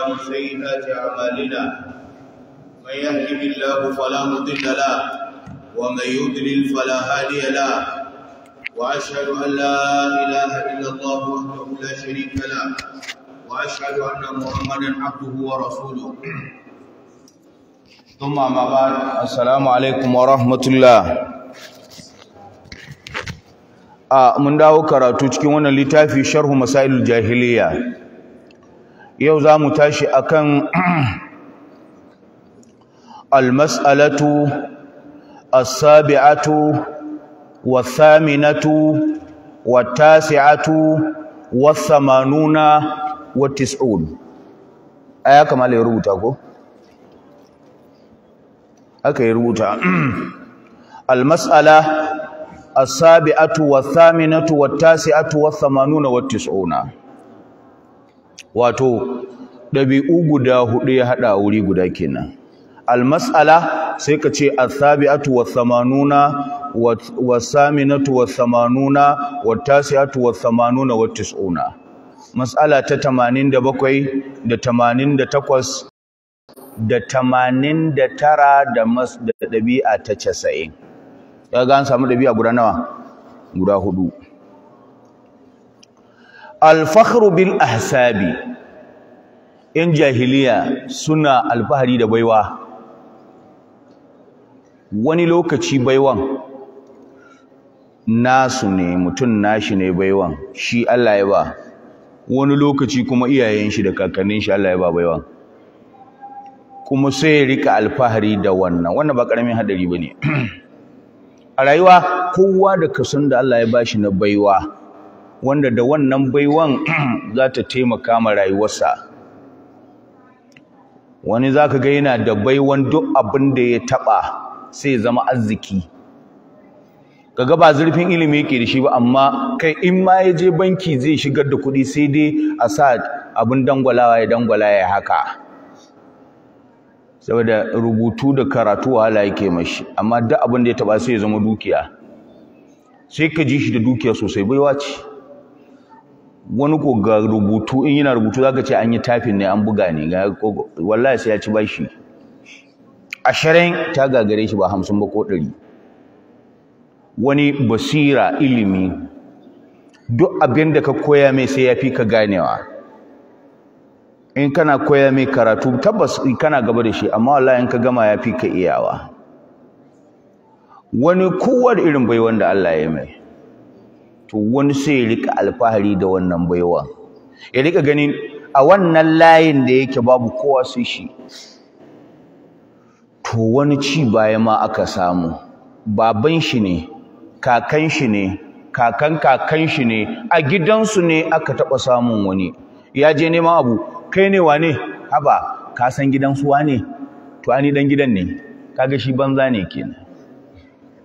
من سيئات أعمالنا من يهده الله فلا مضل له ومن يضلل فلا هادي له وأشهد أن لا إله إلا الله وحده لا شريك له وأشهد أن محمدا عبده ورسوله ثم أما بعد السلام عليكم ورحمة الله a mun dawo karatu cikin wannan littafi sharhu masailul jahiliya yau za mu tashi a kan almas'alatu as wasaminatu, wath-thaminatu wat-tasi'atu wath-thamanuna aya kamar ya rubuta ko aka yi rubuta almas'ala as wasaminatu, wath-thaminatu wat-tasi'atu wath-thamanuna wato ɗabi'u guda hudu ya haɗa a wuri guda kenan almas'ala sai ka ce tasi wasamanuna wasaminatu wasamanuna wattasi'atu wasamanuna wattis'una mas'ala ta 87 da 88 da 89 da mas da ɗabi'a ta 90 ga an samu ɗabi'a guda nawa guda hudu alfahru bil ahsabi in jahiliya suna alfahari da baiwa wani lokaci baiwan nasu ne mutum nashi ne baiwan shi Allah ya ba wani lokaci kuma iyayen shi da kakannin shi Allah ya ba baiwan kuma sai ya rika alfahari da wannan wannan ba karamin hadari bane a rayuwa kowa da kasan da Allah ya bashi na baiwa wanda da wannan baiwan za ta taimaka ma rayuwarsa wani za ka ga yana da baiwan duk abin da ya taɓa sai ya zama arziki kaga ba zurfin ilimi yake da shi ba amma kai in ma ya je banki zai shigar da kuɗi sai dai a sa abin dangwalawa ya dangwala ya haka saboda rubutu da karatu wahala yake mashi amma duk abin da ya taɓa sai ya zama dukiya sai ka ji shi da dukiya sosai baiwa ce wani ko ga rubutu in yana rubutu za ka ce an yi tafin ne an buga ne ga kogo wallahi sai ya ci bashi ashirin ta gagare shi ba hamsin ba ko ɗari wani basira ilimi duk abin da ka koya mai sai ya fi ka ganewa in kana koya mai karatu tabbas kana gaba da shi amma wallahi in ka gama ya fi ka iyawa wani kowa irin bai wanda Allah ya mai to wani sai rika alfahari da wannan baiwa ya rika ganin a wannan layin da yake babu kowa sai shi to wani ci baya ma aka samu baban shi ne kakan shi ne kakan kakan shi ne a gidansu ne aka taɓa samun wani ya je neman abu kai ne wane haba ka san gidansu wane to ani dan gidan ne kaga shi banza ne kenan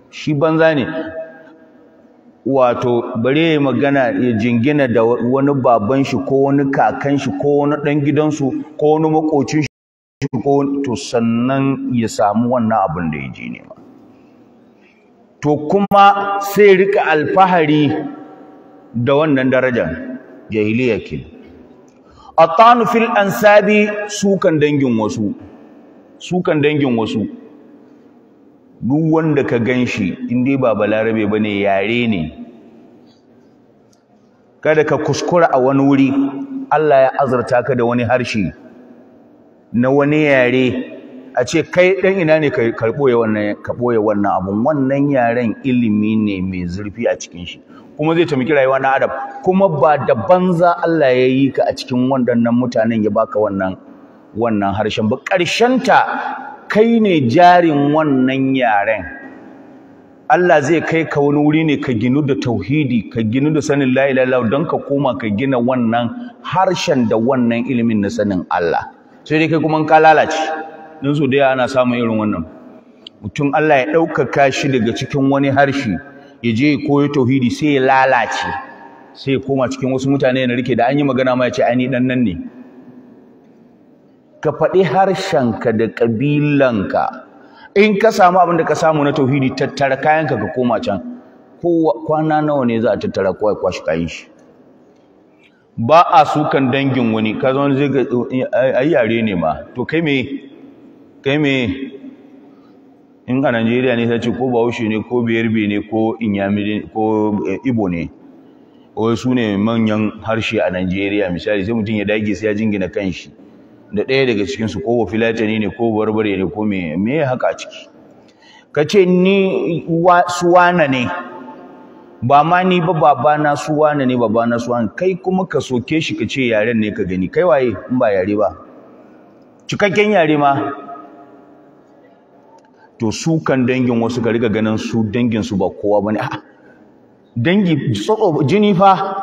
shi banza ne wato bare ya magana ya jingina da wani baban shi ko wani kakan shi ko wani dan gidansu ko wani makocin shi ko to sannan ya samu wannan abin da ya ji nema to kuma sai rika alfahari da wannan darajar jahiliya ke atanu fil ansabi sukan dangin wasu sukan dangin wasu duk wanda ka gan shi in dai ba balarabe ba ne yare ne kada ka kuskura a wani wuri Allah ya azurta ka da wani harshe na wani yare a ce kai ɗan ina ne ka ɓoye wannan wannan abun wannan yaren ilimi ne mai zurfi a cikin shi kuma zai taimaki rayuwa na adam kuma ba da banza Allah ya yi ka a cikin wannan mutanen ya baka wannan wannan harshen ba ta kai ne jarin wannan yaren Allah zai kai ka wani wuri ne ka ginu da tauhidi ka ginu da sanin la ilaha don ka koma ka gina wannan harshen da wannan ilimin na sanin Allah sai dai kai kuma ka lalace dan so da ana samun irin wannan mutum Allah ya ɗaukaka shi daga cikin wani harshe ya je koyi tauhidi sai ya lalace sai ya koma cikin wasu mutane na rike da an yi magana ma ya ce ai dan nan ne ka faɗi harshenka da ƙabilanka in ka samu abin da ka samu na tauhidi tattara kayanka ka koma can kwana nawa ne za a tattara kawai kwashi kayan shi ba a sukan dangin wani ka zo zai ga ai yare ne ma to kai me kai me in a Najeriya ne sai ko Bahaushe ne ko Bayarbe ne ko Inyamiri ko eh, Ibo ne wai su ne manyan harshe a Najeriya misali sai mutum ya dage sai ya jingina kan shi. da ɗaya daga cikinsu ko filatani ne ko barbare ne ko me haka a ciki ka ce ni suwana ne ba ma ni ba babana suwana ne babana suwana kai kuma ka soke shi ka ce yaren ne ka gani kai waye in ba yare ba cikakken yare ma to su kan dangin wasu ka riga ganin su dangin su ba kowa ne? a'a dangi jini fa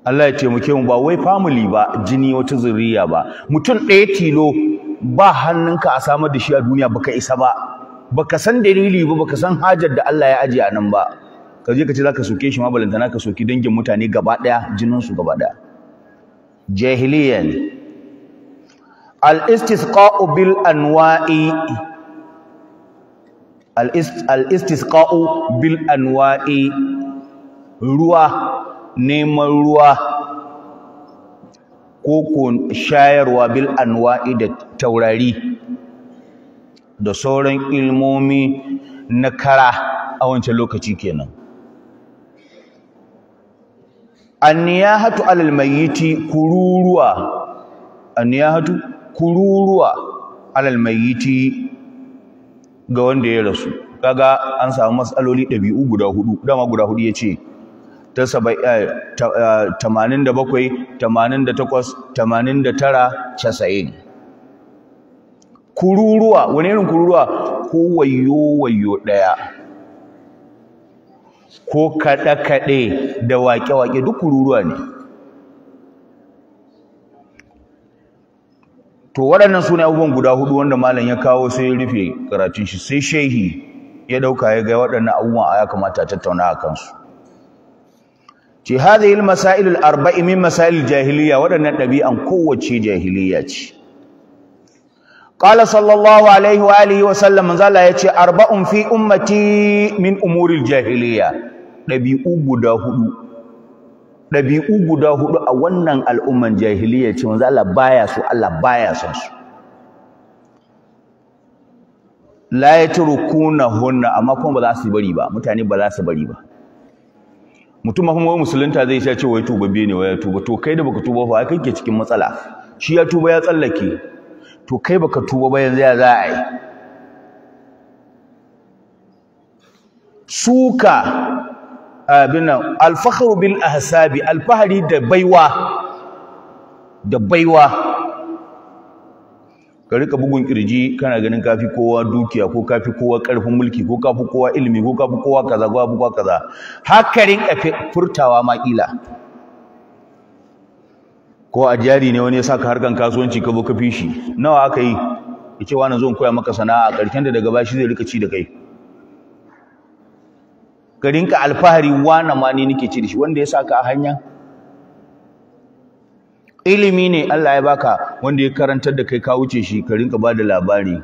Allah ya taimake mu ba wai family ba jini wata zuriya ba mutum ɗaya tilo ba hannunka a samar da shi a duniya baka isa ba baka san dalili ba baka san hajar da Allah ya aje a nan ba ka je ka ce zaka soke shi ma balantana ka soki dangin mutane gaba ɗaya jinin su gaba ɗaya jahiliya ne al istisqa'u bil anwa'i al istisqa'u bil anwa'i ruwa neman ruwa ko ko shayarwa bil anwa'i da taurari da sauran ilmomi na kara a wancan lokaci kenan anniyahatu alal mayyiti kururuwa anniyahatu kururuwa alal mayyiti ga wanda ya rasu kaga an samu matsaloli ɗabi'u guda hudu dama guda hudu yace ta tamanin da tara, kururuwa wani irin kururuwa ko wayo wayo daya ko kaɗe-kaɗe da waƙe waƙe duk kururuwa ne to waɗannan sune abubuwan guda hudu wanda malam ya kawo sai ya rufe karatun shi sai shehi ya ɗauka ya ga waɗannan abubuwan ya kamata a tattauna a kansu ce hadhihi al-masail al-arba'i min masail jahiliya wadannan dabi'an kowace jahiliya ce qala sallallahu alaihi wa alihi wa sallam manzala yace arba'un fi ummati min umuri al-jahiliya dabi'u guda hudu dabi'u guda hudu a wannan al'umman jahiliya ce manzala baya su Allah baya son su la yatrukuna hunna amma kuma ba za su bari ba mutane ba za su bari ba mutum ma kuma musulunta zai sha ce wai biyu ne wai tuba to kai da baka tuba a kai ke cikin matsala shi ya tuba ya tsallake to kai baka tuba ba yanzu ya za a yi suka abin nan alfakhru bil ahsabi alfahari da baiwa da baiwa ka rika bugun kirji kana ganin kafi kowa dukiya ko kafi kowa karfin mulki ko kafi kowa ilimi ko kafi kowa kaza ko kafi kowa kaza haka rinka furtawa ma kila ko a jari ne wani ya saka harkan kasuwanci ka zo ka shi nawa aka yi ya ce wani zon koya maka sana'a karshen da daga bashi zai rika ci da kai ka rinka alfahari wani ma ne nake ci da shi wanda ya saka a hanya ilimi ne Allah ya baka wanda ya karantar da kai ka wuce shi ka rinka bada labari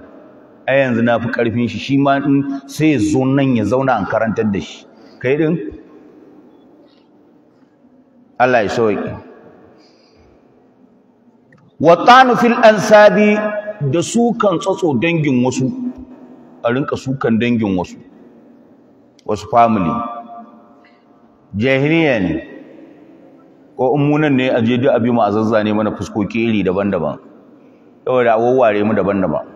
ai yanzu na fi karfin shi shi ma in sai ya zo nan ya zauna an karantar da shi kai din Allah ya sauki tanu fil ansabi da sukan tsotso dangin wasu a rinka sukan dangin wasu wasu family jahiliya ne ko in munan ne a je duk abi mu a zazzane mana fuskoki iri daban-daban saboda a wawware mu daban-daban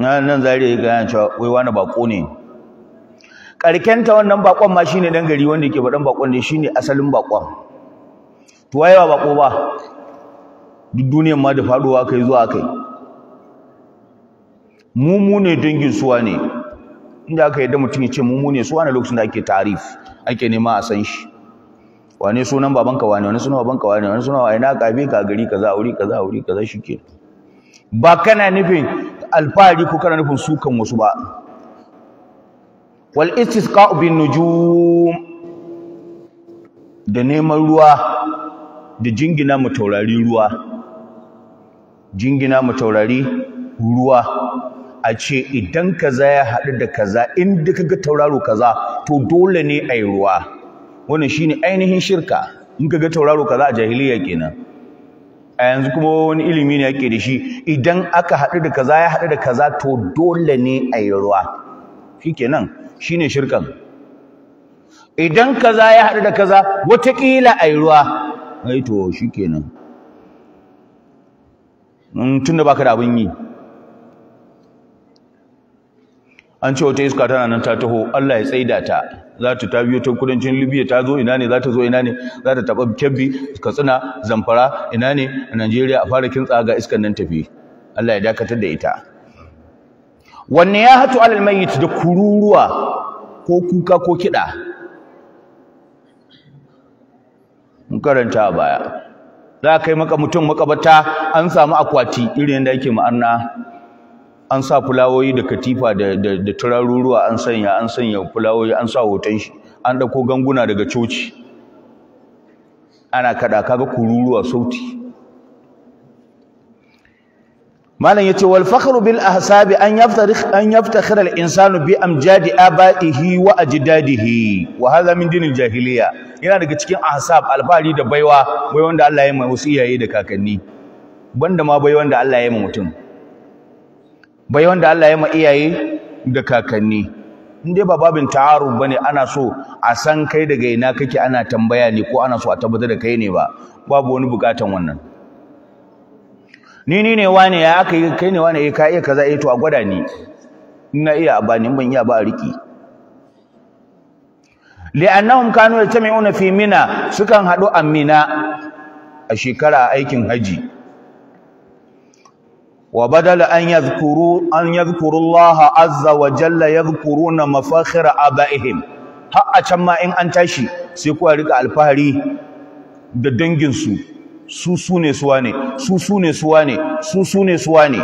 Na nan zariya ya gaya cewa wai wani bako ne karkenta wannan bakon ma shine dan gari wanda yake baɗan bakon ne shine asalin bakon to waye ba bako ba duk duniyar ma da faduwa kai zuwa kai mu mu ne dangin suwa ne inda aka yadda mutum ya ce mu ne su wani lokacin da ake tarif ake nema a san shi wane sunan babanka wane wane sunan babanka wane wane sunan wane na kabe ka gari kaza auri kaza auri kaza shike ba kana nufin alfahari ko kana nufin sukan wasu ba wal istisqa'u bin nujum da neman ruwa da jingina mu taurari ruwa jingina mu taurari ruwa a ce idan kaza ya haɗu da kaza in duka ga tauraro kaza to dole ne a yi ruwa wannan shine ainihin shirka in ka ga tauraro kaza a jahiliya kenan a yanzu kuma wani ilimi ne yake da shi idan aka haɗu da kaza ya haɗu da kaza to dole ne a yi ruwa shikenan ne shirkan idan kaza ya haɗu da kaza wataƙila a yi ruwa ai to shikenan da baka da abin yi an ce wata iska tana nan ta taho Allah ya tsaida ta za ta ta biyo ta kudancin Libya ta zo ina ne za ta zo ina ne za ta taɓa Kebbi Katsina Zamfara ina ne a Najeriya a fara kintsa ga iskan nan tafi Allah ya dakatar da ita wanne ya hatu alal mayyit da kururuwa ko kuka ko kiɗa mun karanta a baya za a kai maka mutum makabata an samu akwati irin yadda yake ma'ana an sa fulawoyi da katifa da turaruruwa an sanya an sanya fulawoyi an sa hoton shi an dauko ganguna daga coci ana kada kaga kururuwa sauti malam yace wal fakhru bil ahsabi an yaftarikh an yaftakhir al insanu bi amjadi abaihi wa ajdadihi wa hadha min dinil jahiliya yana daga cikin ahsab alfari da baiwa bai wanda Allah ya mai wasu iyaye da kakanni banda ma bai wanda Allah ya yi mutum bai wanda Allah ya ma iyaye da kakanni in ba babin ta'aruf bane ana so a san kai daga ina kake ana tambaya ne ko ana so a tabbatar da kai ne ba babu wani bukatan wannan ni ni ne wane ya aka yi kai ne wane eh ka iya kaza eh to a gwada ni ina iya ba ni ban iya ba a riki li'annahum kanu yajtami'una fi mina sukan hadu a mina a shekara aikin haji وبدل أن يذكروا أن يذكروا الله عز وجل يذكرون مفاخر آبائهم Ha a can ma in an tashi sai ku rika alfahari da danginsu su su sune suwa ne su su suwa ne su su suwa ne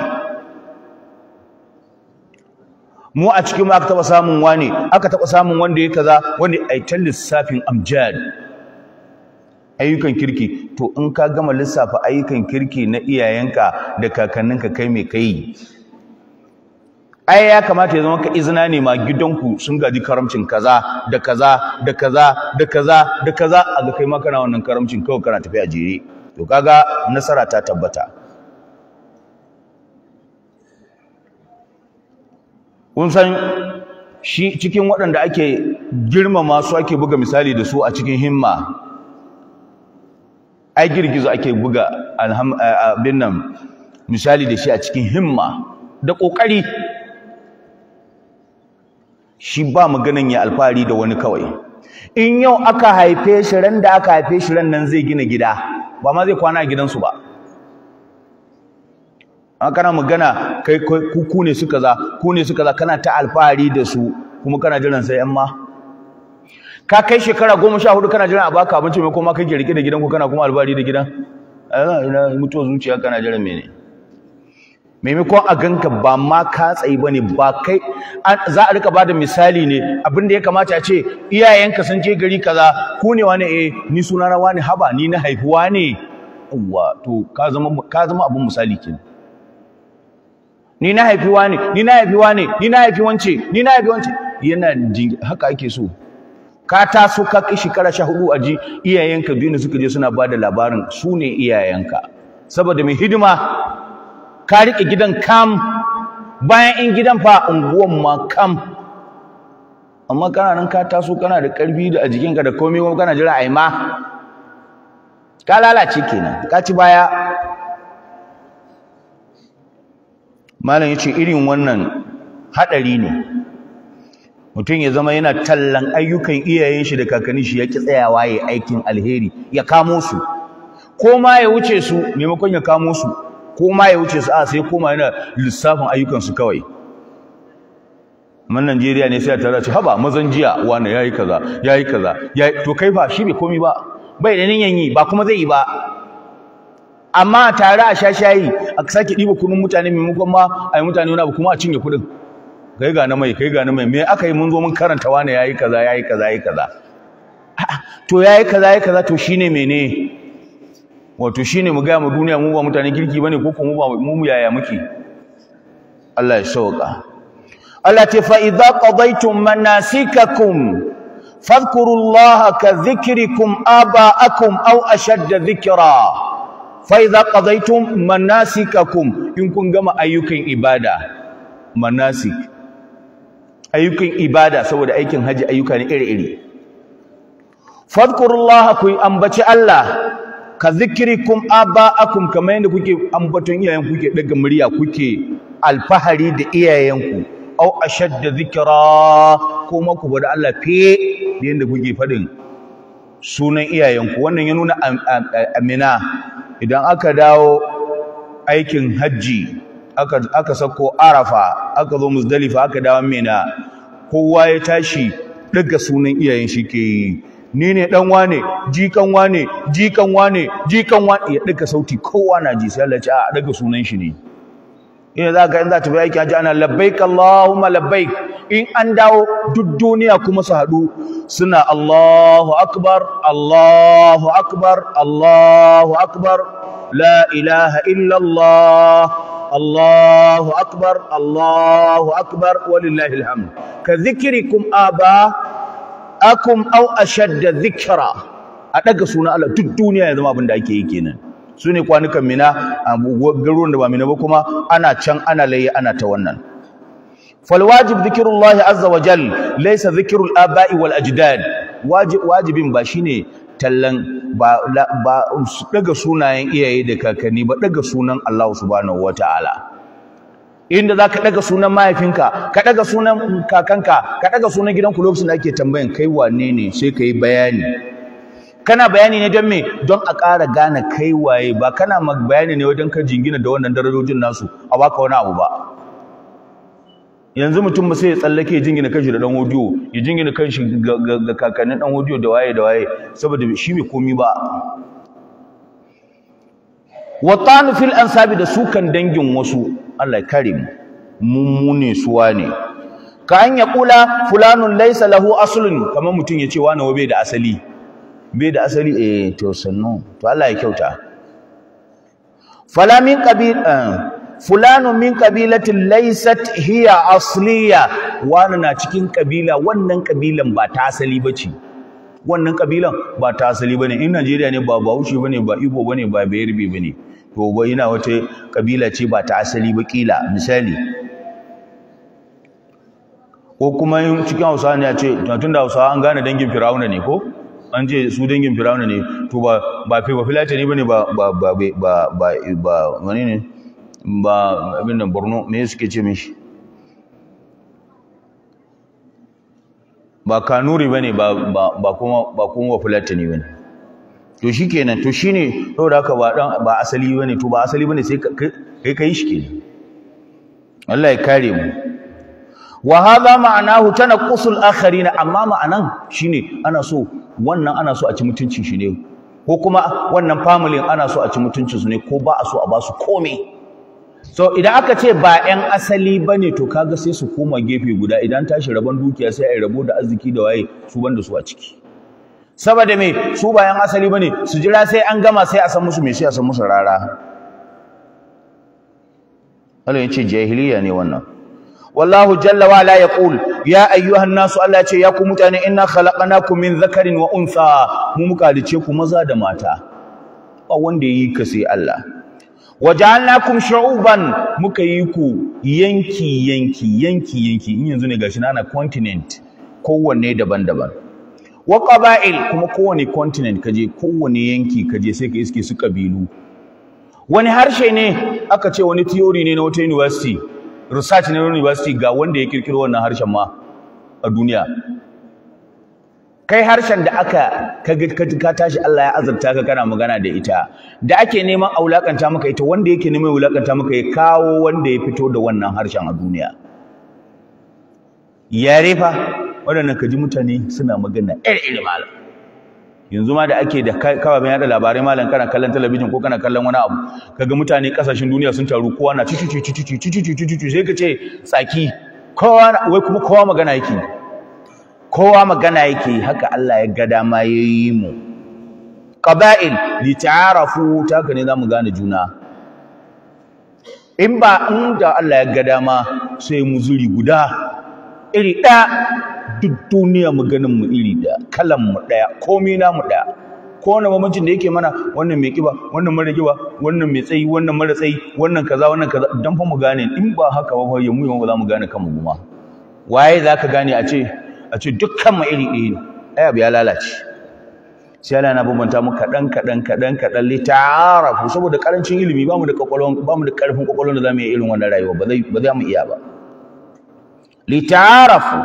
mu a cikin ma aka taɓa samun wane aka taɓa samun wanda ya kaza wanda ai tallis safin amjad ayyukan kirki to in ka gama lissafa ayyukan kirki na iyayenka da kakanninka kai mai kai ai ya kamata ya zama ka izina ne ma gidanku sun gaji karamcin kaza da kaza da kaza da kaza da kaza a ga kai ma kana wannan karamcin kawai kana tafiya jere to kaga nasara ta tabbata kun san shi cikin waɗanda ake girmama su ake buga misali da su a cikin himma ai girgizo ake buga abin nan misali da shi a cikin himma da ƙoƙari shi ba maganan ya alfahari da wani kawai in yau aka haife shi ran da aka haife shi ran nan zai gina gida ba ma zai kwana a gidansu ba an kana magana kai ku ne suka za ku ne suka za kana ta alfahari da su kuma kana jiran sai yan ma ka kai shekara goma sha hudu kana jiran a baka abinci mai koma kai ke rike da gidan ko kana kuma albari da gidan mutuwa zuciya kana jiran mene maimakon a ganka ba ma ka tsayi ba ne ba kai za a rika ba da misali ne abin da ya kamata a ce iyayenka sun je gari kaza ku ne wani eh ni suna na wani haba ni na haifuwa ne yawwa to ka zama ka zama abin misali kenan ni na haifi wani ni na haifi wani ni na haifi wance ni na haifi wance yana haka ake so ka so ka kai shekara sha hudu a iyayenka biyu ne suka je suna bada da labarin su ne iyayenka saboda mai hidima ka rike gidan kam bayan in gidan fa unguwan ma kam amma kana nan ka taso kana da ƙarfi da a jikinka da komai kuma kana jira ai ma ka lalace kenan ka ci baya malam yace irin wannan hadari ne mutum ya zama yana tallan ayyukan iyayen shi da kakanni shi yake tsayawa yayin aikin alheri ya kamo su ko ma ya wuce su maimakon ya kamo su ko ma ya wuce su a sai koma yana lissafin ayyukan su kawai Mun Najeriya ne sai ta tara ce haba mazan jiya wani yayi kaza yayi kaza to kai ba shi bai komi ba bai da nin yanyi ba kuma zai yi ba amma tare a shashayi a sake ɗiba kunun mutane maimakon ma a yi mutane wani abu kuma a cinye kuɗin kai ga na mai kai ga na mai me aka yi mun zo mun karanta wani yayi kaza yayi kaza yayi kaza to yayi kaza yayi kaza to shine mene wato shine mu ga mu duniya mu ba mutanen kirki bane ko ko mu ba mu yaya muke Allah ya shauka Allah ta fa idza qadaytum manasikakum fadhkurullaha ka dhikrikum aba'akum aw ashadda dhikra idza qadaytum manasikakum in kun gama ayyukan ibada manasik ayyukan ibada saboda aikin haji ayyuka ne iri-iri fadkurullaha ku ambaci Allah ka aba aba'akum kamar yadda kuke ambaton iyayen kuke daga murya kuke alfahari da iyayenku au ashadda zikra kuma ku bada Allah fi da yadda kuke fadin sunan iyayenku wannan ya nuna amina idan aka dawo aikin haji aka sauko sako arafa aka zo musdalifa aka dawo mina kowa ya tashi daga sunan iyayen shi ke yi ni ne dan wane jikan wane jikan wane jikan wane ya daga sauti kowa na ji sai Allah ya ce a daga sunan shi ne ina za ka in za ta bi aiki haji ana labbaik Allahumma labbaik in an dawo duk duniya kuma su haɗu suna Allahu akbar Allahu akbar Allahu akbar la ilaha illallah Allahu akbar Allahu akbar walillahi alhamd ka zikrikum aba akum aw ashadda zikira a ɗaga suna Allah duk duniya ya zama abin da ake yi kenan su ne kwanukan mina a garuruwan da ba mina ba kuma ana can ana layi ana ta wannan falwajib zikirullahi azza wa jal laysa zikirul aba'i wal ajdad wajibin ba ne tallan ba daga sunayen iyaye da kakanni ba daga sunan Allah subhanahu wataala inda za ka ɗaga sunan mahaifinka ka ɗaga sunan kakanka ka ɗaga sunan gidanku lokacin da ake tambayan kai wane ne sai ka yi bayani kana bayani ne don me don a ƙara gane kai waye ba kana bayani ne wajen ka jingina da wannan darajojin nasu a baka wani abu ba yanzu mutum ba sai ya tsallake ya jingina kanshi da dan hodiyo ya jingina kanshi ga kakannin dan hodiyo da waye da waye saboda shi bai komi ba watan fil ansabi da sukan dangin wasu Allah ya kare mu mummune suwa ne ka an ya kula fulanun laisa lahu aslun kamar mutum ya ce wani wabe da asali bai da asali eh to sannu to Allah ya kyauta fala min qabil eh, fulano min kabilatin laysat hiya asliya wani na cikin kabila wannan kabilan ba ta asali bace wannan kabilan ba ta asali bane in Najeriya ne ba Bahaushe bane ba Igbo bane ba Bayarbe bane to ba ina wata kabila ce ba ta asali ba kila misali ko kuma cikin Hausa ne a ce tunda Hausa an gane dangin Firauna ne ko an ce su dangin firawuna ne to ba ba ba ne bane ba ba ba ba ba ba ne ba abin da borno me suke ce mishi ba kanuri ba ne ba kuma wafilata ne fulatani to shi kenan to shi ne to da haka ba asali ba ne to ba asali ba ne sai kai ka yi shi kenan Allah ya kare mu wa tana ma'anahu tanaqqusul akharin amma ma'anan shine ana so wannan ana so a ci mutuncin shi ne ko kuma wannan family ana so a ci mutuncin su ne ko ba a so a ba su komai so idan aka ce ba 'yan asali ba ne to kaga sai su koma gefe guda idan tashi rabon dukiya sai a yi rabo da arziki da waye su banda su a ciki saboda me su ba 'yan asali ba ne su jira sai an gama sai a san musu me sai a san musu rara Allah ya ce jahiliya ne wannan wallahu jalla wa la yaqul ya ayyuhan nasu Allah ya ce ya ku mutane inna khalaqnakum min dhakarin wa untha mu mukalice ku maza da mata ba wanda yi ka sai Allah waja'alnakum shu'uban muka yi ku yanki yanki yanki yanki in yanzu ne gashi na continent kowanne daban-daban wa qaba'il kuma kowanne continent kaje kowanne yanki kaje sai ka iske su kabilu wani harshe ne aka ce wani theory ne na wata university research na university ga wanda ya kirkiro wannan harshen ma a duniya kai harshen da aka ka tashi Allah ya azurta ka kana magana da ita da ake neman a maka ita wanda yake neman aulakanta maka ya kawo wanda ya fito da wannan harshen a duniya Ya rifa wadannan ka ji mutane suna magana iri iri malam yanzu ma da ake da bayan da labarai malam kana kallon talabijin ko kana kallon wani abu kaga mutane ƙasashen duniya sun taru kowa na cici cici cici cici cici sai ka ce tsaki kowa wai kuma kowa magana yake kowa magana yake haka Allah ya ga dama yayi mu qaba'il li ta'arafu ta haka ne zamu gane juna in ba in da Allah ya ga dama sai mu zuri guda iri ɗaya duk duniya mu ganin mu iri ɗaya kalan mu ɗaya komai namu ɗaya wani mamacin da yake mana wannan mai kiba wannan mara kiba wannan mai tsayi wannan mara tsayi wannan kaza wannan kaza dan fa mu gane in ba haka ba ya mu za mu gane kanmu kuma waye zaka gane a ce a ce dukkan iri iri ne ai ya lalace sai Allah na bambanta mu kaɗan kaɗan kaɗan kaɗan li saboda karancin ilimi ba mu da kwakwalwan ba mu da karfin kwakwalwan da zamu yi irin wannan rayuwa ba zai ba za mu iya ba li ta'arafu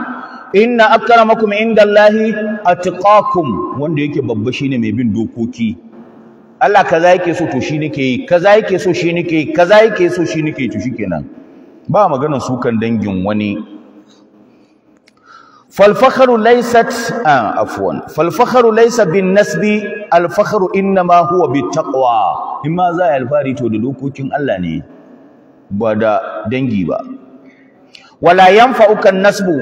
inna akramakum indallahi atqakum wanda yake babba shine mai bin dokoki Allah kaza yake so to shi nake yi kaza yake so shi nake yi kaza yake so shi nake yi to shikenan ba maganar sukan dangin wani فالفخر ليست آه عفوا فالفخر ليس بالنسب الفخر انما هو بالتقوى اما ذا الفاري تو dokokin Allah ne ba da dangi ba wala yanfa'uka an-nasbu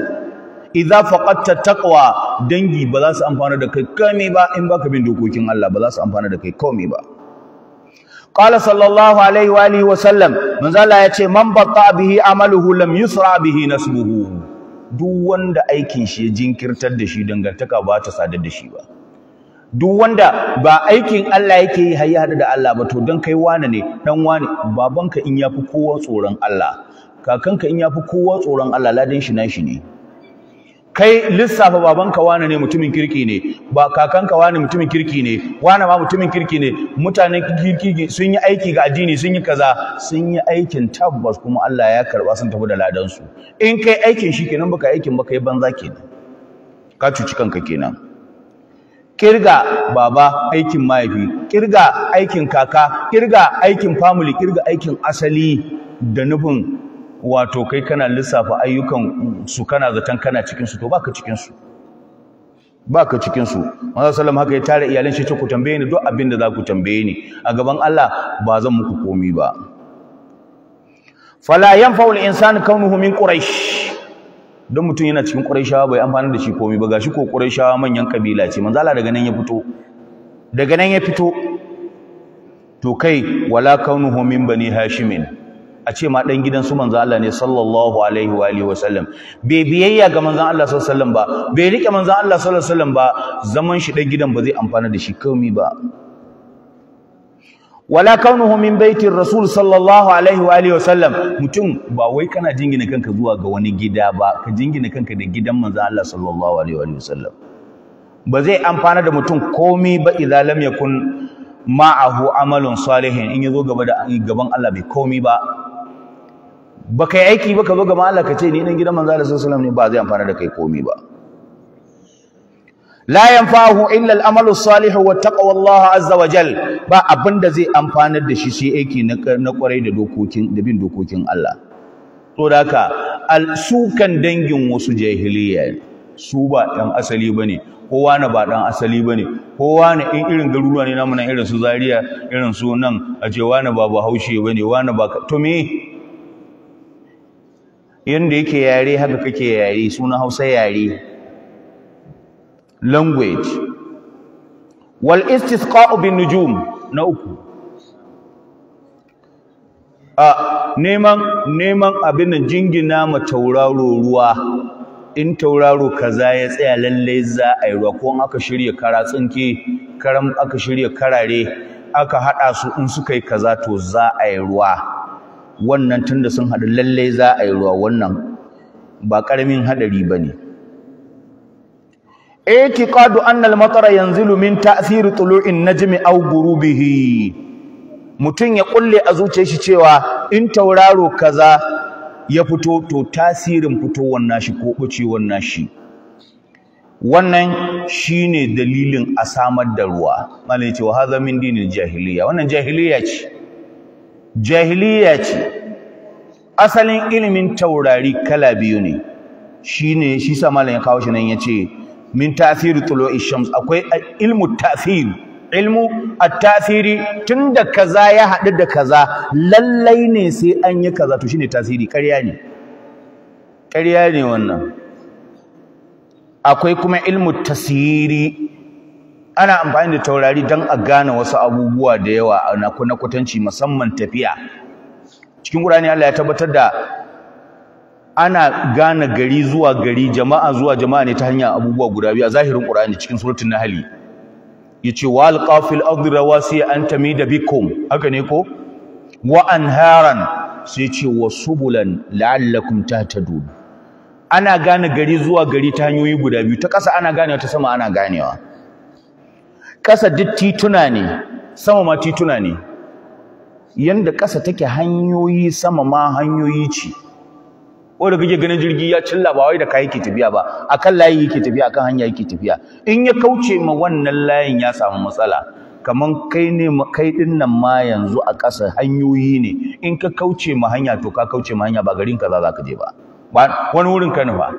idza faqadta taqwa dangi ba za su amfana da kai komai ba in baka bin dokokin Allah ba za su amfana da kai komai ba qala sallallahu alaihi wa alihi wa sallam Manzala Allah ya ce man batta bihi amaluhu lam yusra bihi nasbuhu duk wanda aikin shi ya jinkirtar da shi dangantaka ba ta sadar da shi ba duk wanda ba aikin Allah yake yi hayya da Allah ba to dan kai wane ne dan wane babanka in yafi kowa tsoron Allah kakanka in yafi kowa tsoron Allah ladan shi na shi ne kai lissafa babanka wane ne mutumin kirki ne ba kakanka wane mutumin kirki ne wane ma mutumin kirki ne mutanen kirki sun yi aiki ga addini sun yi kaza sun yi aikin tabbas kuma Allah ya karba sun tafi da ladan su in kai aikin shi kenan baka aikin baka yi banza kenan ka cuci kanka kenan kirga baba aikin mahaifi kirga aikin kaka kirga aikin family kirga aikin asali da nufin wato kai kana lissafa ayyukan su kana zaton kana cikin su to baka cikin su baka cikin su manzo sallam haka ya tare iyalan shi ku tambaye ni duk abin da za ku tambaye ni a gaban Allah ba zan muku komai ba fala yanfa'ul in insanu kaunuhu min quraish don mutum yana cikin ƙurayshawa bai amfani da shi komai ba gashi ko ƙurayshawa manyan kabila ce manzo Allah daga nan ya fito daga nan ya fito to kai wala kaunuhu min bani hashimin a ce ma ɗan gidan su manzo Allah ne sallallahu alaihi wa alihi wasallam bai biyayya ga Manzan Allah sallallahu alaihi wasallam ba bai rike Manzan Allah sallallahu alaihi wasallam ba zaman shi ɗan gidan ba zai amfana da shi komai ba wala kaunuhu min baitin rasul sallallahu alaihi wa alihi wasallam mutum ba wai kana jingina kanka zuwa ga wani gida ba ka jingina kanka da gidan manzon Allah sallallahu alaihi wa alihi wasallam ba zai amfana da mutum komai ba idza lam yakun ma'ahu amalun salihin in yazo gaba da gaban Allah bai komai ba ba ka yi aiki ba ka zo gama Allah ka ce ni dan gidan manzo Allah sallallahu alaihi wasallam ne ba zai amfana da kai komai ba la yanfahu illa al-amalu salihu wa taqwa azza wa jal ba abinda zai amfanar da shi sai aiki na kwarai da dokokin da bin dokokin Allah to da haka sukan dangin wasu jahiliya su ba dan asali bane kowa na ba dan asali bane kowa na in irin garuruwa ne namu nan irin su Zaria irin su nan a ce wani ba Bahaushe bane wani ba to me yanda yake yare haka kake yare suna Hausa yare language wal istisqa'u bin nujum na uku a neman neman abin jingina ma tauraro ruwa in tauraro kaza ya tsaya lalle za a yi ruwa ko aka shirya kara tsinke karam aka shirya karare aka hada su in suka yi kaza to za a yi ruwa wannan tunda sun haɗu lallai za a yi ruwa wannan ba karamin haɗari bane ne itiqadu anna al-matara yanzilu min ta'thiri tulu'in najmi aw gurubihi mutun ya kulle a zuciyar shi cewa in tauraro kaza ya fito to tasirin fitowar nashi ko bucewar nashi wannan shine dalilin a samar da ruwa malai ce wa hadha min dinil jahiliya wannan jahiliya ce jahiliya ce asalin ilimin taurari kala biyu ne Shi ne shi sa malam ya kawo shi nan ya ce min tasiri tulo ishams akwai ilmu tasiri ilmu a tasiri tunda kaza ya haɗu da kaza lallai ne sai an yi kaza to ne tasiri ƙarya ne ƙarya ne wannan akwai kuma ilmu tasiri ana amfani da taurari don a gane wasu abubuwa da yawa na kwatanci musamman tafiya cikin ƙur'ani Allah ya tabbatar da ana gane gari zuwa gari jama'a zuwa jama'a ne ta hanyar abubuwa guda biyu a zahirin ƙur'ani cikin suratul nahl yace wal qafil ardi rawasi an tamida bikum haka ne ko wa anharan sai yace wasubulan la'allakum tahtadun ana gane gari zuwa gari ta hanyoyi guda biyu ta ƙasa ana ganewa ta sama ana ganewa ƙasa duk tituna ne sama ma tituna ne yanda ƙasa take hanyoyi sama ma hanyoyi ce wanda kake ganin jirgi ya cilla ba wai da ka yake tafiya ba akan layi yake tafiya akan hanya yake tafiya in ya kauce ma wannan layin ya samu matsala kaman kai ne kai din nan ma yanzu a ƙasa hanyoyi ne in ka kauce ma hanya to ka kauce ma hanya ba garin ka za ka je ba wani wurin ka ba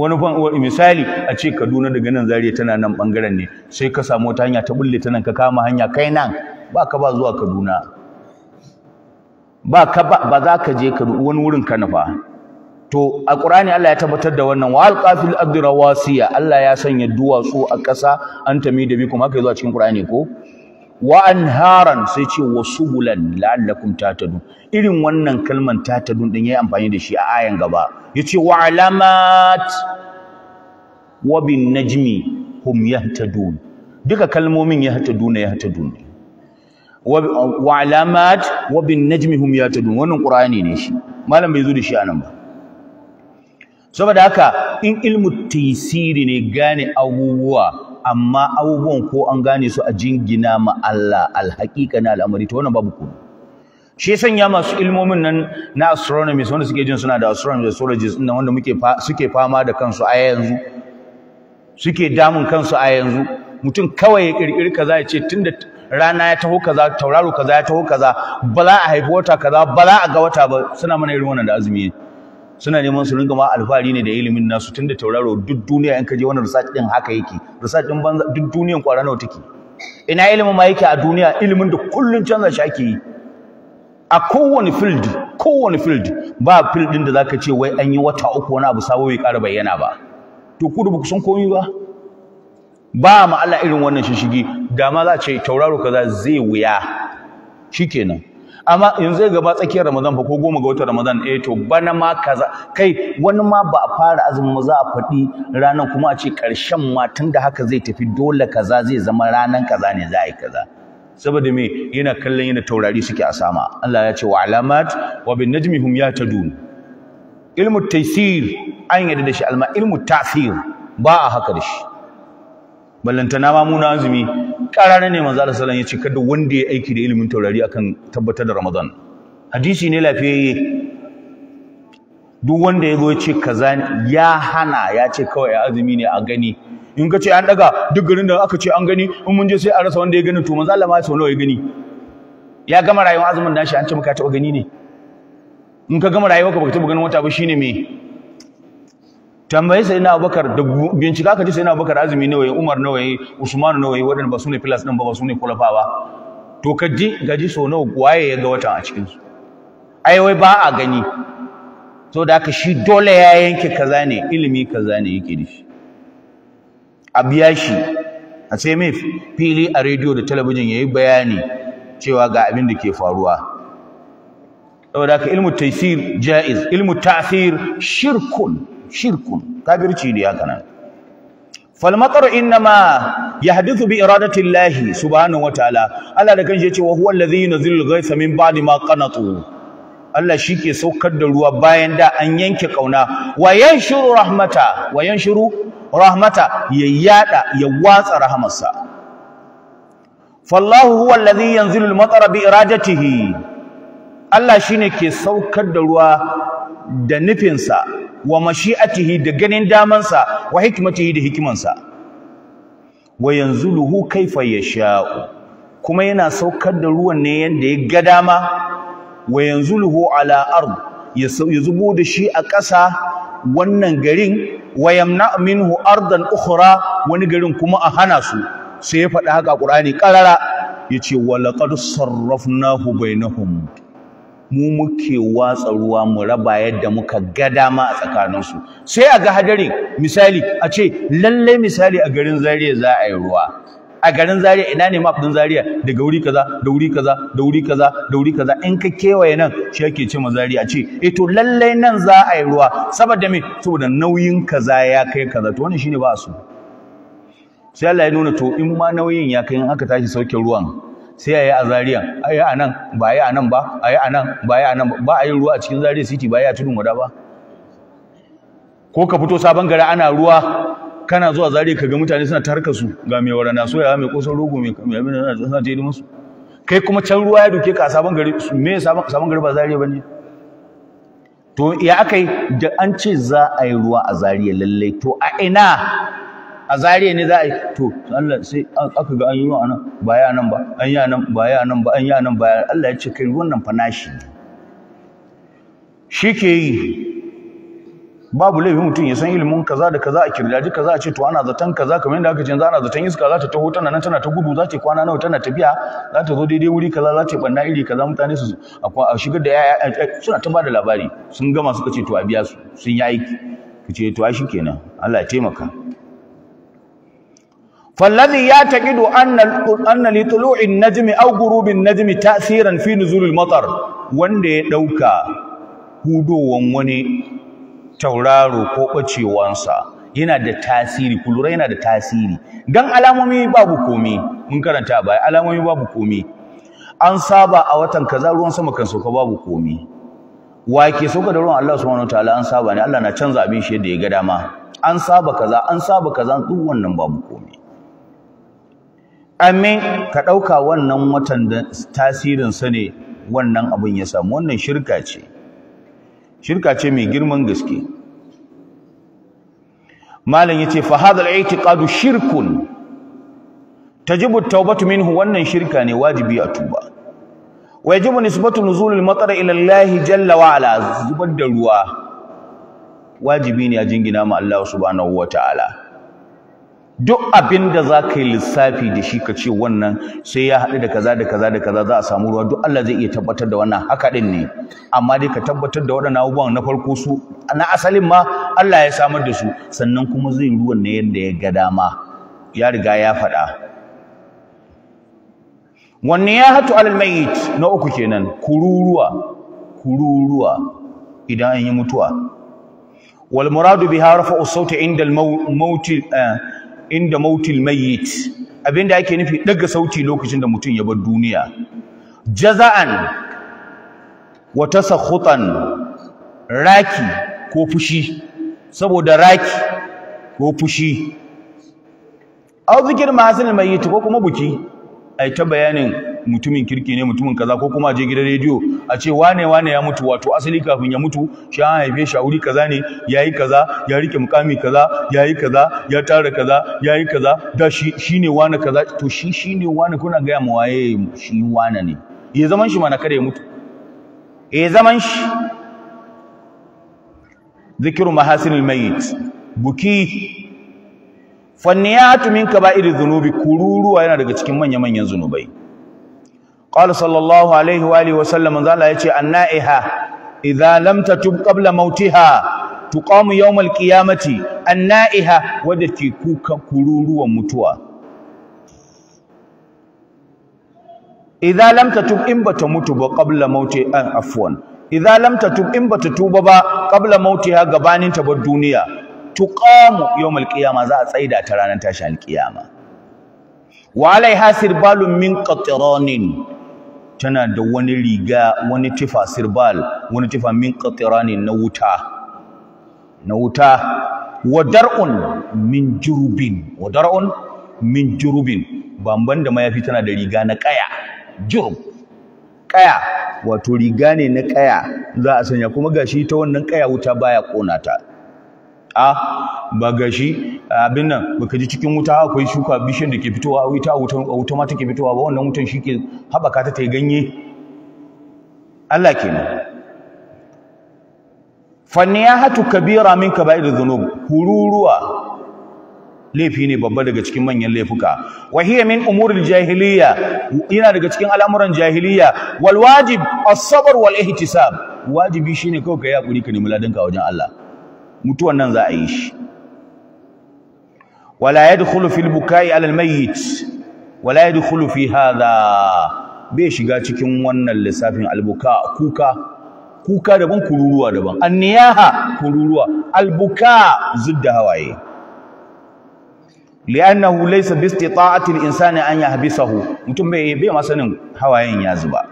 wani misali a ce Kaduna daga nan Zariya tana nan bangaren ne sai ka samu wata hanya ta bulle ta nan ka kama hanya kai nan ba ka ba zuwa Kaduna ba ka ba za ka je Kaduna wani wurin kana ba. to a Qur'ani Allah ya tabbatar da wannan wal qafil adrawasiya Allah ya sanya duwatsu a ƙasa an tami da kuma haka yazo a cikin Qur'ani ko wa anharan sai ce wa subulan la'allakum tatadun irin wannan kalman tatadun din yi amfani da shi a ayan gaba yace wa alamat wa bin najmi hum yahtadun duka kalmomin yahtadun yahtadun wa alamat wa bin najmi hum yahtadun wannan qur'ani ne shi malam bai zo da shi anan ba saboda haka in ilmu taysiri ne gane abubuwa amma abubuwan ko an gane su a jingina ma Allah alhaƙiƙa na al'amari to wannan babu komai shi sanya masu ilmomin nan na astronomy wanda suke jin suna da astronomy da astrologists din wanda muke suke fama da kansu a yanzu suke damun kansu a yanzu mutum kawai ya kirkiri kaza ya ce tunda rana ya taho kaza tauraro kaza ya taho kaza ba a haifi wata kaza bala a ga wata ba suna mana irin wannan da azumi ne suna neman su rinka ma alfahari ne da ilimin nasu tunda tauraro duk duniya in ka je wannan research din haka yake research din banza duk duniyan kwara nawa take ina ilimin ma yake a duniya ilimin da kullun canza shi ake yi a kowane field kowane field ba field din da zaka ce wai an yi wata uku wani abu sabo bai ƙara bayyana ba to ku da san komai ba ba ma Allah irin wannan shishigi da ma za a ce tauraro kaza zai wuya shikenan amma yanzu zai gaba tsakiyar Ramadan fa ko goma ga watan Ramadan eh to bana ma kaza kai wani ma ba a fara azumin mu za a faɗi ranar kuma a ce ƙarshen ma tunda haka zai tafi dole kaza zai zama ranan kaza ne za a yi kaza saboda me yana kallon yana taurari suke a sama Allah ya ce wa alamat wa bin najmi hum yahtadun ilmu taysir an yadda da shi alma ilmu ta'sir ba a haka da shi ballantana ma muna azumi ƙarara ne manzo Allah sallallahu alaihi wasallam ya ce kada wanda ya aiki da ilimin taurari akan tabbatar da Ramadan hadisi ne lafiyayye duk wanda ya zo ya ce kaza ya hana ya ce kawai azumi ne a gani in ka ce an daga duk garin da aka ce an gani in mun je sai a rasa wanda ya gani to manzo Allah ma sau nawa ya gani ya gama rayuwar azumin nashi an ce muka ya taɓa gani ne in ka gama rayuwar ka baka taɓa ganin wata ba shine me tambayi sai na abubakar da bincika ka ji sai na abubakar azumi nawa yi umar nawa yi usmanu nawa yi waɗanda ba su ne filas ɗin ba ba su ne kulafa ba to ka ji ji so nawa waye ya ga watan a cikinsu ai wai ba a gani to da haka shi dole ya yanke kaza ne ilimi kaza ne yake da shi a biya shi a sai mai fili a rediyo da talabijin ya yi bayani cewa ga abin da ke faruwa saboda haka ilmu taisir ja'iz ilmu ta'sir shirkun shirkun kafirci ne haka nan fal maqar inma yahdithu bi iradatillahi Allah subhanahu wataala Allah da kanshi yace wa huwa alladhi yunzilu ghaytha min ba'di ma qanatu Allah shike saukar da ruwa bayan da an yanke kauna wa yanshuru rahmata wa yanshuru rahmata ya yada ya watsa rahamarsa fallahu huwa alladhi yanzilu al bi iradatihi Allah shine ke saukar da ruwa da nufinsa wa mashi'atihi da ganin damansa wa hikmatihi da hikimansa wa yanzuluhu kaifa yasha'u kuma yana saukar da ruwan ne yanda ya ga dama wa yanzuluhu ala ard ya zubo da shi a ƙasa wannan garin wa yamna minhu ardan ukhra wani garin kuma a hana su sai ya faɗi haka ƙur'ani qarara yace wa laqad sarrafnahu bainahum mu muke watsa ruwa mu raba yadda muka ga dama a tsakaninsu sai a ga hadari misali a ce lallai misali a garin Zaria za a yi ruwa a garin Zaria ina ne map din Zaria daga wuri kaza da wuri kaza da wuri kaza da wuri kaza in ka kewaye nan shi ake ce ma Zaria a ce eh to lallai nan za a yi ruwa saboda me saboda nauyin kaza ya kai kaza to wannan shine ba su sai Allah ya nuna to in ma nauyin ya kai in aka tashi sauke ruwan sai a yi a zariyan a yi a nan ba a yi a nan ba a yi a nan ba a yi a nan ba a yi ruwa a cikin zariya city ba a yi a tudun wada ba ko ka fito sabon gari ana ruwa kana zuwa zariya ka ga mutane suna tarka su ga mai na soya mai kosan rogo mai abin da suna ta yi musu kai kuma can ruwa ya duke ka sabon gari me sabon gari ba zariya ba ne to ya aka da an ce za a yi ruwa a zariya lallai to a ina a zariya ne za a yi to Allah sai aka ga an yi wa nan ba ya nan ba an ya nan ba ya nan ba an ya nan ba ya Allah ya ce kai wannan fa nashi shi ke yi babu laifin mutum ya san ilimin kaza da kaza a kirjaji kaza a ce to ana zaton kaza kamar yadda aka ce yanzu ana zaton iska za ta taho tana nan tana ta gudu za ta kwana nawa tana tafiya za ta zo daidai wuri kaza za ta banna iri kaza mutane su a shigar da yaya eh, eh, suna ta bada labari sun gama suka ce to a biya su sun yi aiki kace to ai shikenan Allah ya taimaka فالذي يعتقد أن أن لطلوع النجم أو غروب النجم تأثيرا في نزول المطر wanda ya ɗauka hudowan wani tauraro ko ɓacewansa yana da tasiri kulura yana da tasiri don alamomi babu komi mun karanta a baya alamomi babu komi an saba a watan kaza ruwan sama kan sauka babu komi wa ke da ruwan Allah subhanahu wataala an Allah na canza abin shi yadda ya ga dama an saba kaza an saba wannan babu komi amin ka ɗauka wannan watan da tasirinsa ne wannan abin ya samu wannan shirka ce shirka ce mai girman gaske malam ya ce fahadar aiki ƙadu shirkun Ta ji taubatu minhu wannan shirka ne wajibi a tuba wa yajibu nisbatu nuzulul al ilallahi ila jalla wa ala zubar da ruwa wajibi ne a jingina ma Allah subhanahu wa ta'ala duk abin da za ka yi lissafi da shi ka ce wannan sai ya haɗu da kaza da kaza da kaza za a samu ruwa duk Allah zai iya tabbatar da wannan haka ɗin ne amma dai ka tabbatar da waɗannan abubuwan na farko su na asalin ma Allah ya samar da su sannan kuma zai ruwan na yadda ya ga dama ya riga ya faɗa wanne ya hatu alal mayit na uku kenan kururuwa kururuwa idan an yi mutuwa wal muradu biha rafa'u sawti inda al mauti eh, inda mautil mayit abinda yake nufi daga sauti lokacin da mutum ya bar duniya jaza'an wa tasakhutan raki ko fushi saboda raki ko fushi au zikir mahasin mayit ko kuma buki ai ta bayanin mutumin kirki ne mutumin kaza ko kuma je gidan rediyo a ce wane wane ya mutu wato asali kafin ya mutu shi an haife shi a wuri kaza ne yayi kaza ya rike mukami kaza yayi kaza ya tara kaza yayi kaza da shi shine wane kaza to shi shine wane kuna ga mu waye shi wane ne ya eh, zaman shi mana kada ya mutu ya eh, zaman shi zikiru mahasinil mayit buki fanniyatu min kaba'iriz dhunubi kururuwa yana daga cikin manya-manyan zunubai qala sallallahu alaihi wa alihi wa sallam manzo Allah yace annaiha idza lam tatub qabla mautiha tuqamu yawm alqiyamati annaiha wadda ke kuka kururuwan mutuwa idza lam tatub in bata mutu ba ƙabla mauti an eh, afwan idza lam tatub in bata tuba ba qabla mautiha gabanin ta bar duniya tuqamu yawm alqiyama za a tsaida ta ranar tashin alqiyama wa alaiha sirbalun min tana da wani riga wani tufa sirbal wani tufa min qatirani na wuta na wuta dar'un min jurubin dar'un min jurubin bamban da mayafi tana da riga na kaya jurub kaya wato riga ne na kaya za a sanya kuma gashi ta wannan kaya wuta baya kona ta a ah, ba gashi abin nan baka ji cikin wuta akwai shuka bishiyar da ke fitowa wuta wuta ma take fitowa ba wannan wutan shi ke haɓaka ta ta ganye Allah kenan fanniyahatu kabira min kaba'ir dhunub hururuwa laifi ne babba daga cikin manyan laifuka wa hiya min umurin jahiliya Ina daga cikin al'amuran jahiliya wal wajib as-sabr wal ihtisab wajibi shine kawai kai hakuri ka nemi ladanka wajen Allah mutuwan nan za a yi shi wala yadkhulu fil bukai alal mayyit wala yadkhulu fi hadha bai shiga cikin wannan lissafin albuka kuka kuka daban kururuwa daban anniyaha kururuwa albuka zudda hawaye li'annahu laysa bi istita'ati al-insani an yahbisahu mutum bai bai ma'sanin hawayen ya zuba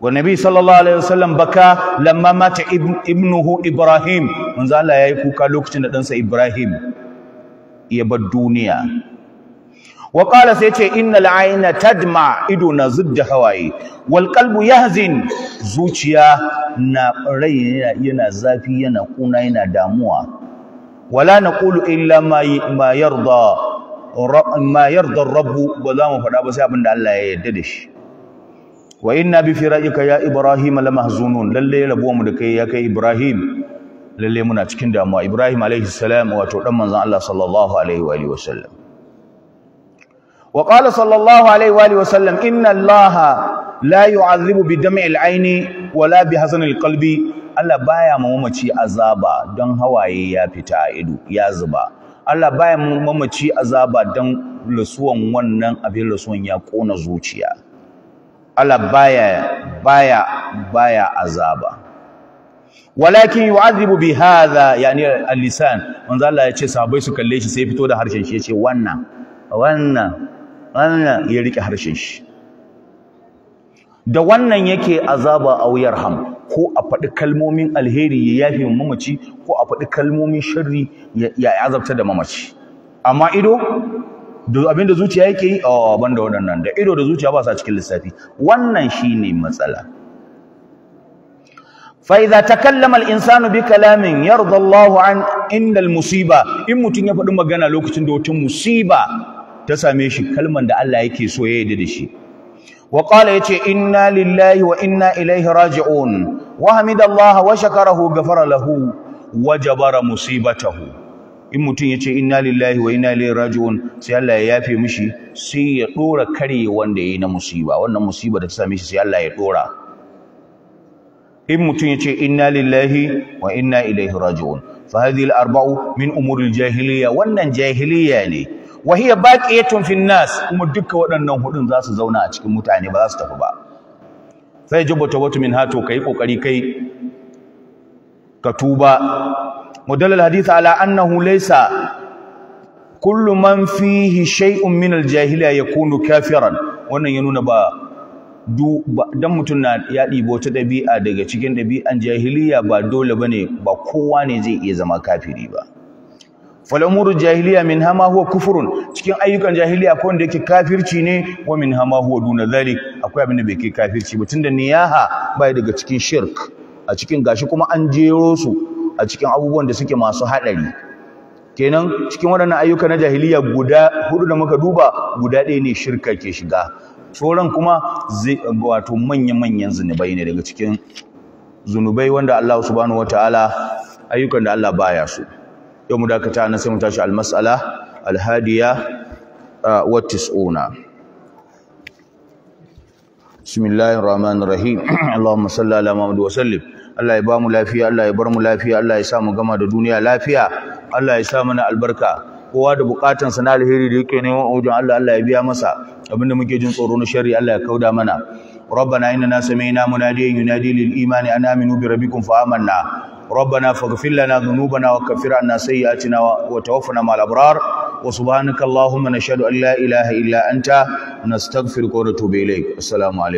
wa nabi sallallahu alaihi wasallam baka lamma mata ibnuhu ibrahim manzo Allah yayi kuka lokacin da dansa ibrahim ya bar duniya wa qala sai ce innal ayna tadma ido na da hawaye wal qalbu yahzin zuciya na rai yana zafi yana kuna yana damuwa wala naqulu illa ma ma yarda ma yarda rabbu ba za mu faɗa ba sai abin da Allah ya yarda da shi wa inna bi firaqika ya ibrahim la mahzunun lalle rabuwa mu da kai ya kai ibrahim lalle muna cikin damuwa Ibrahim alaihi salam wato dan manzon Allah sallallahu alaihi wa alihi wasallam wa qala sallallahu alaihi wa alihi wasallam inna allaha la yu'adhibu bi dam'il aini wala bi hasanil qalbi Allah baya mamaci azaba don hawaye ya fita a ido ya zuba Allah baya mamaci azaba don lusuwan wannan abin lusuwan ya kona zuciya Allah baya baya baya azaba walakin yu'adhibu bi haza, ya ni alisan. wanzu Allah ya ce sabai su kalle shi sai fito da harshen shi ya ce wannan wannan wannan ya rike harshen shi da wannan yake azaba a wuyar ham ko a faɗi kalmomin alheri ya yafe mamaci ko a faɗi kalmomin shirri ya azabta da mamaci amma ido da abinda zuciya yake yi a oh, wanda waɗannan da ido da zuciya ba sa cikin lissafi wannan shi ne matsala فإذا تكلم الإنسان بكلام يرضى الله عن إن المصيبة إن متين يفدو مغانا لوكتين دو تن مصيبة تساميشي كلمة دا الله يكي سو يدي وقال يتي إنا لله وإنا إليه راجعون وحمد الله وشكره غفر له وجبر مصيبته إن mutum ya إنا لله وإنا إليه راجعون سي الله يافي مشي سي yafe كري sai ya مصيبة kare مصيبة تساميشي سي الله يطورا in mutum ya ce inna lillahi wa inna ilaihi raji'un fa hadhihi al-arba'u min umuri al-jahiliya wannan jahiliya ne wa hiya baqiyatun fi nas kuma dukkan waɗannan hudun za su zauna a cikin mutane ba za su tafi ba sai jibu tawatu min hato kai kokari kai ka tuba mudallal hadith ala annahu laysa kullu man fihi shay'un min al-jahiliya yakunu kafiran wannan ya nuna ba don mutum na ya ɗibo ta ɗabi'a daga cikin ɗabi'an jahiliya ba dole ba ne ba kowa ne zai iya zama kafiri ba falamuru jahiliya min hama huwa kufurun cikin ayyukan jahiliya ko wanda yake kafirci ne wa min hama huwa duna zari akwai abin da bai kai kafirci ba da niyaha bai daga cikin shirk a cikin gashi kuma an jero su a cikin abubuwan da suke masu haɗari kenan cikin waɗannan ayyuka na jahiliya guda hudu da muka duba guda ɗaya ne shirka ke shiga sauran kuma wato manya-manyan zunubai ne daga cikin zunubai wanda Allah subhanahu wataala ayyukan da Allah baya su yau mu dakata na sai mu tashi al-hadiya wa tis'una bismillahir rahmanir rahim allahumma salli ala muhammad wa sallim Allah ya ba mu lafiya Allah ya bar mu lafiya Allah ya sa mu gama da duniya lafiya Allah ya sa mana albarka kowa da sa na alheri da yake neman wajen Allah Allah ya biya masa abinda muke jin tsoro na shari Allah ya kauda mana rabbana inna sami'na munadiyan yunadi lil imani an aminu bi rabbikum fa amanna rabbana faghfir lana dhunubana wa kaffir anna sayyi'atina wa tawaffana ma'al abrar wa subhanaka allahumma nashhadu an la ilaha illa anta nastaghfiruka wa natubu ilayk assalamu alaykum